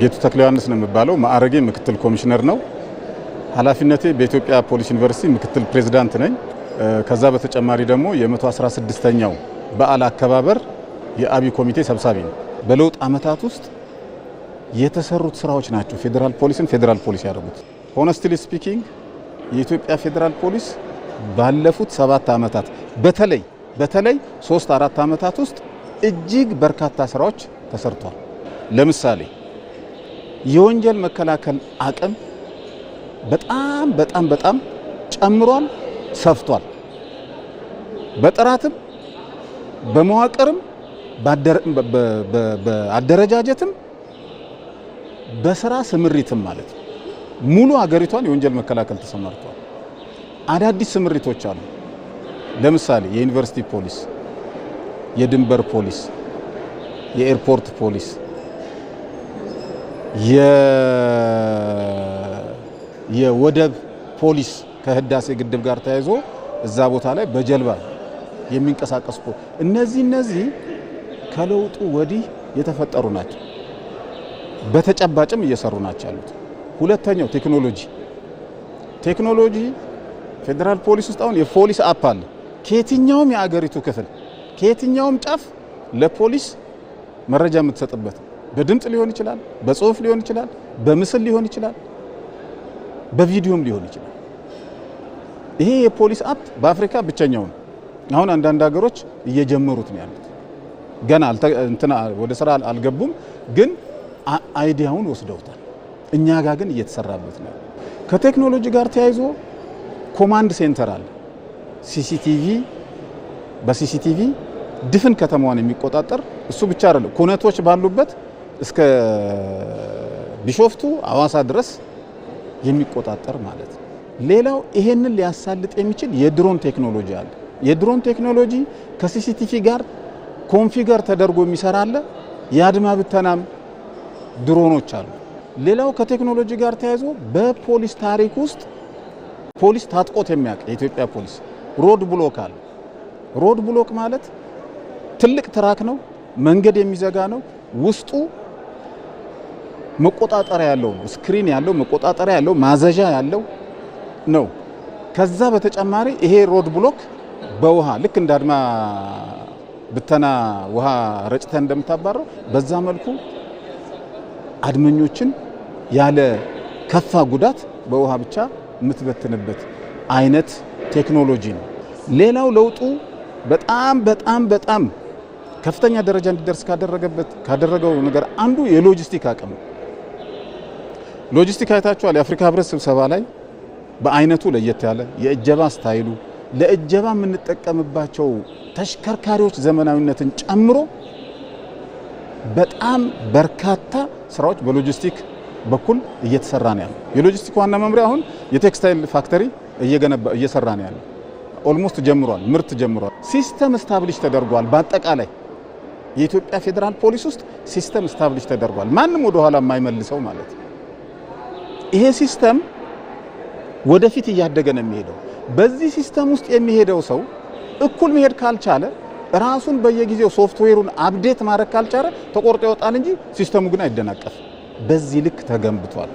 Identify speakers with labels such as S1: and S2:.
S1: ጌቱ ተክለ ዮሐንስ ነው የሚባለው። ማዕረጌ ምክትል ኮሚሽነር ነው። ኃላፊነቴ በኢትዮጵያ ፖሊስ ዩኒቨርሲቲ ምክትል ፕሬዝዳንት ነኝ። ከዛ በተጨማሪ ደግሞ የ116ኛው በዓል አከባበር የአቢ ኮሚቴ ሰብሳቢ ነው። በለውጥ ዓመታት ውስጥ የተሰሩት ስራዎች ናቸው ፌዴራል ፖሊስን ፌዴራል ፖሊስ ያደረጉት። ሆነስትሊ ስፒኪንግ የኢትዮጵያ ፌዴራል ፖሊስ ባለፉት ሰባት ዓመታት በተለይ በተለይ ሶስት አራት ዓመታት ውስጥ እጅግ በርካታ ስራዎች ተሰርቷል። ለምሳሌ የወንጀል መከላከል አቅም በጣም በጣም በጣም ጨምሯል፣ ሰፍቷል። በጥራትም በመዋቅርም በአደረጃጀትም በስራ ስምሪትም ማለት ነው። ሙሉ ሀገሪቷን የወንጀል መከላከል ተሰማርቷል። አዳዲስ ስምሪቶች አሉ። ለምሳሌ የዩኒቨርሲቲ ፖሊስ፣ የድንበር ፖሊስ፣ የኤርፖርት ፖሊስ የወደብ ፖሊስ ከህዳሴ ግድብ ጋር ተያይዞ እዛ ቦታ ላይ በጀልባ የሚንቀሳቀስ እነዚህ እነዚህ ከለውጡ ወዲህ የተፈጠሩ ናቸው። በተጨባጭም እየሰሩ ናቸው ያሉት። ሁለተኛው ቴክኖሎጂ ቴክኖሎጂ ፌዴራል ፖሊስ ውስጥ አሁን የፖሊስ አፕ አለ። ከየትኛውም የአገሪቱ ክፍል ከየትኛውም ጫፍ ለፖሊስ መረጃ የምትሰጥበት በድምፅ ሊሆን ይችላል፣ በጽሁፍ ሊሆን ይችላል፣ በምስል ሊሆን ይችላል፣ በቪዲዮም ሊሆን ይችላል። ይሄ የፖሊስ አፕ በአፍሪካ ብቸኛው ነው። አሁን አንዳንድ ሀገሮች እየጀመሩት ነው ያሉት። ገና እንትና ወደ ስራ አልገቡም፣ ግን አይዲያውን ወስደውታል። እኛ ጋር ግን እየተሰራበት ነው። ከቴክኖሎጂ ጋር ተያይዞ ኮማንድ ሴንተር አለ። ሲሲቲቪ በሲሲቲቪ ድፍን ከተማዋን የሚቆጣጠር እሱ ብቻ አይደለም፣ ኩነቶች ባሉበት እስከ ቢሾፍቱ አዋሳ ድረስ የሚቆጣጠር ማለት ነው። ሌላው ይሄንን ሊያሳልጥ የሚችል የድሮን ቴክኖሎጂ አለ። የድሮን ቴክኖሎጂ ከሲሲቲቪ ጋር ኮንፊገር ተደርጎ የሚሰራ አለ። የአድማ ብተናም ድሮኖች አሉ። ሌላው ከቴክኖሎጂ ጋር ተያይዞ በፖሊስ ታሪክ ውስጥ ፖሊስ ታጥቆት የሚያውቅ የኢትዮጵያ ፖሊስ ሮድ ብሎክ አለ። ሮድ ብሎክ ማለት ትልቅ ትራክ ነው፣ መንገድ የሚዘጋ ነው ውስጡ መቆጣጠሪያ ያለው ነው። ስክሪን ያለው መቆጣጠሪያ ያለው ማዘዣ ያለው ነው። ከዛ በተጨማሪ ይሄ ሮድ ብሎክ በውሃ ልክ እንደ አድማ ብተና ውሃ ረጭተን እንደምታባረው በዛ መልኩ አድመኞችን ያለ ከፋ ጉዳት በውሃ ብቻ የምትበትንበት አይነት ቴክኖሎጂ ነው። ሌላው ለውጡ በጣም በጣም በጣም ከፍተኛ ደረጃ እንዲደርስ ካደረገበት ካደረገው ነገር አንዱ የሎጂስቲክ አቅም ነው። ሎጂስቲክ አይታችኋል። የአፍሪካ ህብረት ስብሰባ ላይ በአይነቱ ለየት ያለ የእጀባ ስታይሉ ለእጀባ የምንጠቀምባቸው ተሽከርካሪዎች ዘመናዊነትን ጨምሮ በጣም በርካታ ስራዎች በሎጂስቲክ በኩል እየተሰራ ነው ያለው። የሎጂስቲክ ዋና መምሪያ አሁን የቴክስታይል ፋክተሪ እየገነባ እየሰራ ነው ያለው። ኦልሞስት ጀምሯል፣ ምርት ጀምሯል። ሲስተም ስታብሊሽ ተደርጓል። በአጠቃላይ የኢትዮጵያ ፌዴራል ፖሊስ ውስጥ ሲስተም ስታብሊሽ ተደርጓል። ማንም ወደኋላ የማይመልሰው ማለት ነው። ይሄ ሲስተም ወደፊት እያደገ ነው የሚሄደው። በዚህ ሲስተም ውስጥ የሚሄደው ሰው እኩል መሄድ ካልቻለ ራሱን በየጊዜው ሶፍትዌሩን አፕዴት ማድረግ ካልቻለ ተቆርጦ ይወጣል እንጂ ሲስተሙ ግን አይደናቀፍ በዚህ ልክ ተገንብቷል።